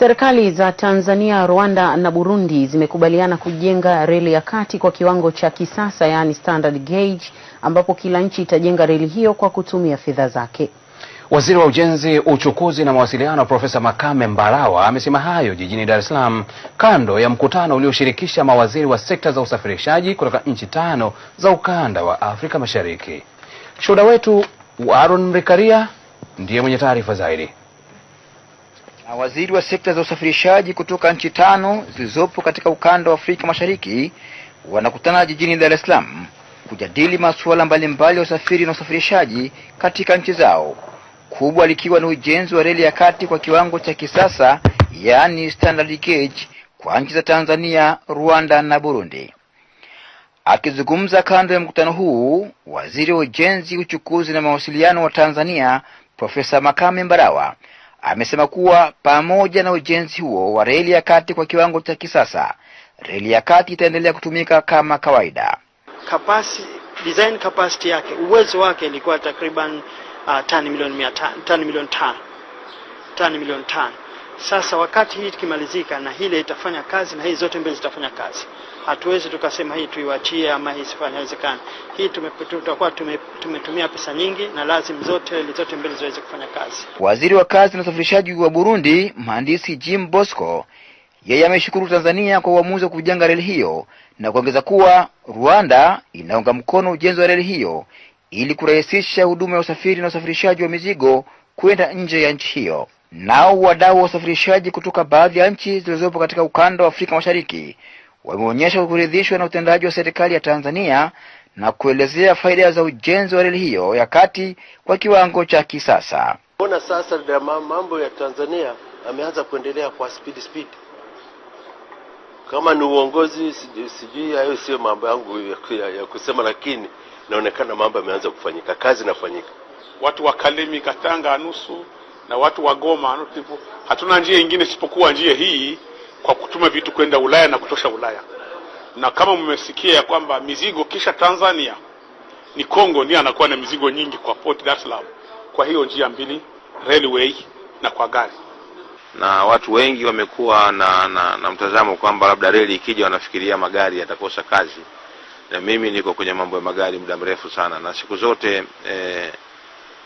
Serikali za Tanzania, Rwanda na Burundi zimekubaliana kujenga reli ya kati kwa kiwango cha kisasa yaani standard gauge, ambapo kila nchi itajenga reli hiyo kwa kutumia fedha zake. Waziri wa Ujenzi, Uchukuzi na Mawasiliano Profesa Makame Mbarawa amesema hayo jijini Dar es Salaam kando ya mkutano ulioshirikisha mawaziri wa sekta za usafirishaji kutoka nchi tano za ukanda wa Afrika Mashariki. Shuhuda wetu Aaron Mrikaria ndiye mwenye taarifa zaidi. Mawaziri wa sekta za usafirishaji kutoka nchi tano zilizopo katika ukanda wa Afrika Mashariki wanakutana jijini Dar es Salaam kujadili masuala mbalimbali ya usafiri na usafirishaji katika nchi zao, kubwa likiwa ni ujenzi wa reli ya kati kwa kiwango cha kisasa, yaani standard gauge kwa nchi za Tanzania, Rwanda na Burundi. Akizungumza kando ya mkutano huu, waziri wa ujenzi, uchukuzi na mawasiliano wa Tanzania Profesa Makame Mbarawa amesema kuwa pamoja na ujenzi huo wa reli ya kati kwa kiwango cha kisasa, reli ya kati itaendelea kutumika kama kawaida. Kapasi, design capacity yake, uwezo wake ilikuwa takriban uh, tani milioni mia tano, tani milioni tano, tani milioni tano sasa wakati hii tukimalizika na hile itafanya kazi na hii zote mbili zitafanya kazi. Hatuwezi tukasema hii tuiwachie ama hii sifanye, haiwezekani. Hii tutakuwa tume, tumetumia pesa nyingi na lazim zote zote mbili ziweze kufanya kazi. Waziri wa kazi na usafirishaji wa Burundi, mhandisi Jim Bosco, yeye ameshukuru Tanzania kwa uamuzi wa kujenga reli hiyo na kuongeza kuwa Rwanda inaunga mkono ujenzi wa reli hiyo ili kurahisisha huduma ya usafiri na usafirishaji wa mizigo kwenda nje ya nchi hiyo. Nao wadau wa usafirishaji kutoka baadhi ya nchi zilizopo katika ukanda wa Afrika Mashariki wameonyesha kuridhishwa na utendaji wa serikali ya Tanzania na kuelezea faida za ujenzi wa reli hiyo ya kati kwa kiwango cha kisasa. Mbona sasa ndio mambo ya Tanzania ameanza kuendelea kwa speed speed. kama ni uongozi sijui, hayo sio mambo yangu ya, ya kusema, lakini naonekana mambo yameanza kufanyika, kazi inafanyika, watu wa Kalemi Katanga nusu na watu wa Goma, hatuna njia ingine isipokuwa njia hii, kwa kutuma vitu kwenda Ulaya na kutosha Ulaya. Na kama mmesikia ya kwamba mizigo kisha Tanzania ni Kongo ndiye anakuwa na mizigo nyingi kwa Port Dar es Salaam, kwa hiyo njia mbili, railway na kwa gari. Na watu wengi wamekuwa na, na, na mtazamo kwamba labda reli ikija wanafikiria magari yatakosa kazi, na mimi niko kwenye mambo ya magari muda mrefu sana na siku zote eh,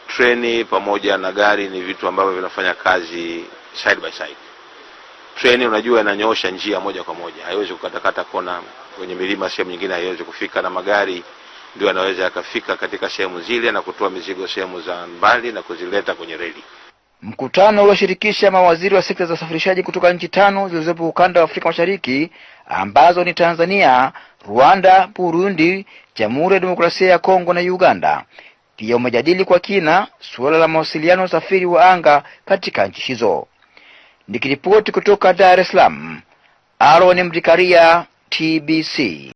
treni pamoja na gari ni vitu ambavyo vinafanya kazi side by side. Treni unajua inanyoosha njia moja kwa moja, haiwezi kukatakata kona kwenye milima, sehemu nyingine haiwezi kufika, na magari ndio yanaweza yakafika katika sehemu zile na kutoa mizigo sehemu za mbali na kuzileta kwenye reli. Mkutano ulioshirikisha mawaziri wa sekta za usafirishaji kutoka nchi tano zilizopo ukanda wa Afrika Mashariki ambazo ni Tanzania, Rwanda, Burundi, Jamhuri ya Demokrasia ya Kongo na Uganda pia umejadili kwa kina suala la mawasiliano ya usafiri wa anga katika nchi hizo. Nikiripoti kutoka Dar es Salaam, Aaron Mdikaria, TBC.